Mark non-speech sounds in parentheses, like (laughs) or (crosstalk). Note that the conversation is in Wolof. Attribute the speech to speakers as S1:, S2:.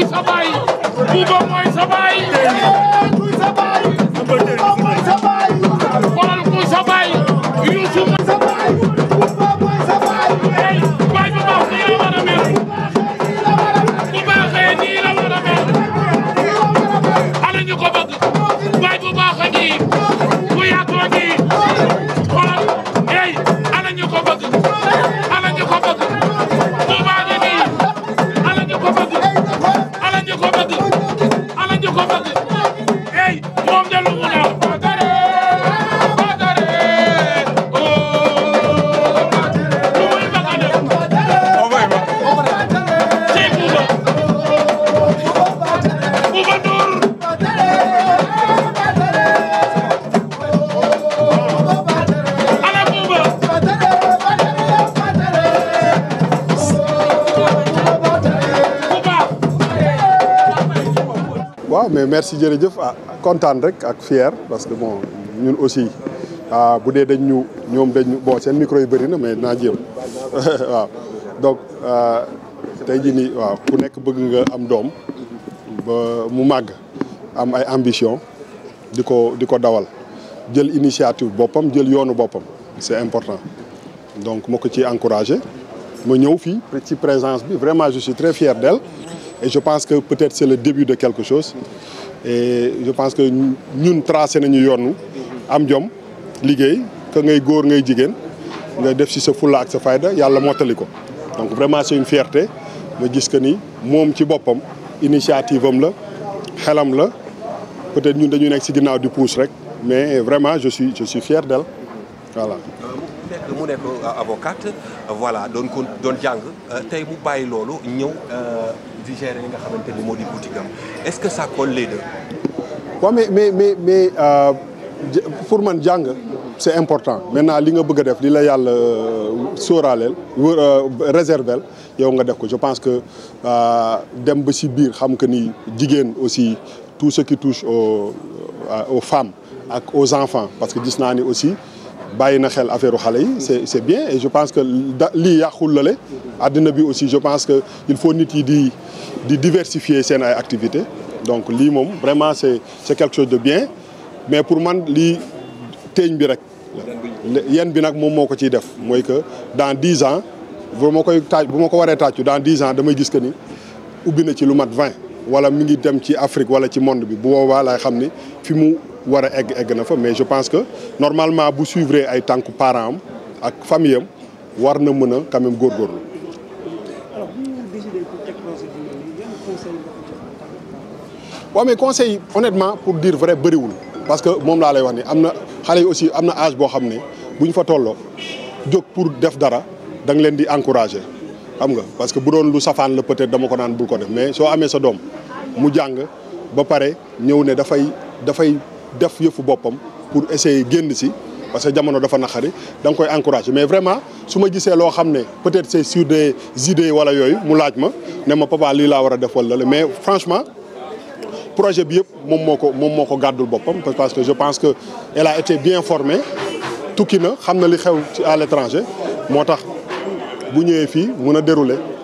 S1: mooy sa baay Buuba mooy sa baay ko bëgg ey moom de lu mu waaw mais merci jërëjëf ah kontaan rek ak fier parce que bon ñun aussi ah bu dee dañ ñu ñoom dañ ñu bon seen micro yi bëri na mais naa jéem (laughs) waaw donc ah, tey jii nii waaw ku nekk bëgg nga am doom ba mu màgg am ay ambition di ko di ko dawal jël initiative boppam jël yoonu boppam c'est important donc ma ko ciy encouragé ma ñëw fii ci présence bi vraiment je suis très fier d'elle je pense que peut-être c'est le début de quelque chose. Et je pense que ñun tracé nañu yoonu am jom liggéey que ngay góor ngay jigéen nga def si sa fulla ak sa fayda yàlla mottali ko donc vraiment c'est une fierté ma gis que ni moom ci boppam initiative am la xelam la peut-être ñun dañu nekk si ginnaaw di pousse rek mais vraiment je suis je fier d'elle voilà. Euh, mu nekk avocate voilà doon ko doon jàng euh, tey loolu ñëw. Euh, di nga xamante moo di boutique est-ce que ça colle les deux. mais mais euh, pour man jàng. c'est important maintenant li nga bëgg a def li la yàlla euh, sóoraaleel euh, réserveel yow nga def ko je pense que dem ba si biir xam que ni jigéen aussi tout ce qui touche aux aux femmes ak aux enfants parce que gis naa ni aussi. bàyyi na xel affaire xale yi c'est c'est bien et je pense que da lii yàqul lale àddina bi aussi je pense que il faut nit yi di di diversifier seen ay activités donc lii moom vraiment c'est c'est quelque chose de bien mais pour man lii teeñ bi rek yen bi nag moom moo ko ciy def mooy que dans dix ans bu ma koy taaj bu ma ko waree tàccu dans dix ans damay gis que ni ubbi na ci lu mat vingt wala mi ngi dem ci Afrique wala ci monde bi bu boobaa lay xam ni fi mu war a egg egg na fa mais je pense que normalement bu suivre ay tànku parents am ak famille am war na mën a quand même góorgóorlu. waaw mais conseil honnêtement pour dire vrai bëriwul parce que moom laa lay wax ni am na xale aussi am na âge boo xam ne bu ñu fa tolloo jóg pour def dara da leen di encourager xam nga parce que bu doon lu safaan la peut-être dama ko naan bul ko def mais soo amee sa doom mu jàng ba pare ñëw ne dafay dafay def yëfu boppam pour essayer génn si parce que jamono dafa naqari da nga koy encourager mais vraiment su ma gisee loo xam ne peut-être c'est sur des idées wala yooyu mu laaj ma ne ma papa lii laa war a def wala la mais franchement projet bi yëpp moom moo ko moom moo ko gàddul boppam parce que je pense que elle a été bien formée tukki na xam na li xew ci à l'étranger moo tax bu ñëwee fii mun a dérouler